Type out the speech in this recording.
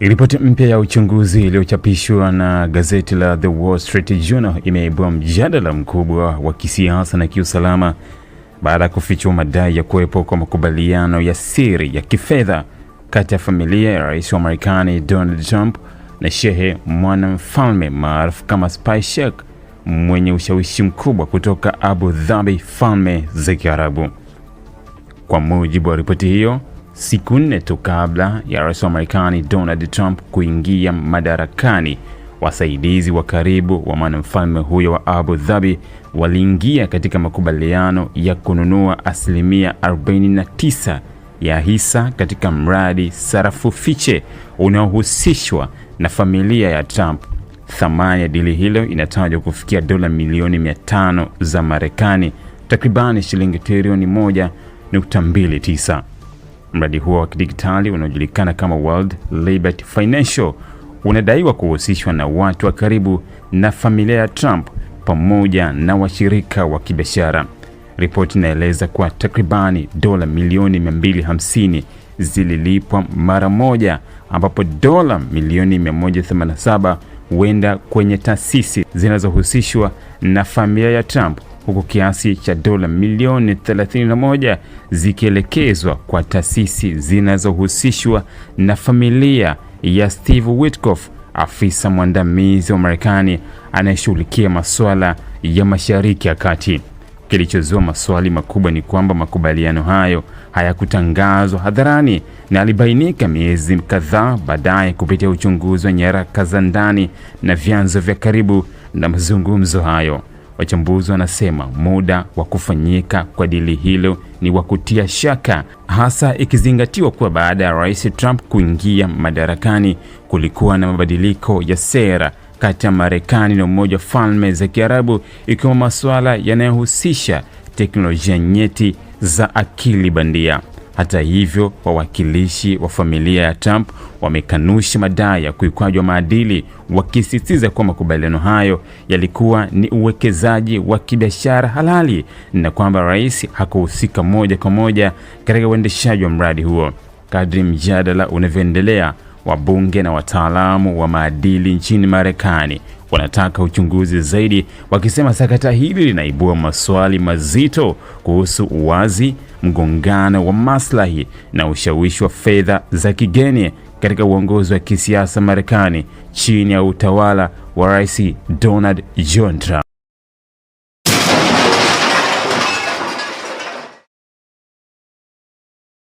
Ripoti mpya ya uchunguzi iliyochapishwa na gazeti la The Wall Street Journal imeibua mjadala mkubwa wa kisiasa na kiusalama baada ya kufichua madai ya kuwepo kwa makubaliano ya siri ya kifedha kati ya familia ya rais wa Marekani Donald Trump na shehe mwanamfalme maarufu kama Spy Sheikh mwenye ushawishi mkubwa kutoka Abu Dhabi, Falme za Kiarabu. Kwa mujibu wa ripoti hiyo siku nne tu kabla ya rais wa Marekani Donald Trump kuingia madarakani. Wasaidizi wa karibu wa mwanamfalme huyo wa Abu Dhabi waliingia katika makubaliano ya kununua asilimia 49 ya hisa katika mradi sarafu fiche unaohusishwa na familia ya Trump. Thamani ya dili hilo inatajwa kufikia dola milioni 500 za Marekani, takribani shilingi trilioni 1.29. Mradi huo wa kidigitali unaojulikana kama World Liberty Financial unadaiwa kuhusishwa na watu wa karibu na familia ya Trump pamoja na washirika wa kibiashara. Ripoti inaeleza kuwa takribani dola milioni 250 zililipwa mara moja, ambapo dola milioni 187 huenda kwenye taasisi zinazohusishwa na familia ya Trump huku kiasi cha dola milioni 31 zikielekezwa kwa taasisi zinazohusishwa na familia ya Steve Witkoff, afisa mwandamizi wa Marekani anayeshughulikia masuala ya Mashariki ya Kati. Kilichozua maswali makubwa ni kwamba makubaliano hayo hayakutangazwa hadharani na alibainika miezi kadhaa baadaye kupitia uchunguzi wa nyaraka za ndani na vyanzo vya karibu na mazungumzo hayo. Wachambuzi wanasema muda wa kufanyika kwa dili hilo ni wa kutia shaka, hasa ikizingatiwa kuwa baada ya Rais Trump kuingia madarakani kulikuwa na mabadiliko ya sera kati ya Marekani na Umoja wa Falme za Kiarabu, ikiwemo masuala yanayohusisha teknolojia nyeti za akili bandia. Hata hivyo, wawakilishi wa familia ya Trump wamekanusha madai ya ukiukwaji wa maadili, wakisisitiza kuwa makubaliano hayo yalikuwa ni uwekezaji wa kibiashara halali na kwamba rais hakuhusika moja kwa moja katika uendeshaji wa mradi huo. Kadri mjadala unavyoendelea wabunge na wataalamu wa maadili nchini Marekani wanataka uchunguzi zaidi, wakisema sakata hili linaibua maswali mazito kuhusu uwazi, mgongano wa maslahi na ushawishi wa fedha za kigeni katika uongozi wa kisiasa Marekani chini ya utawala wa Rais Donald John Trump.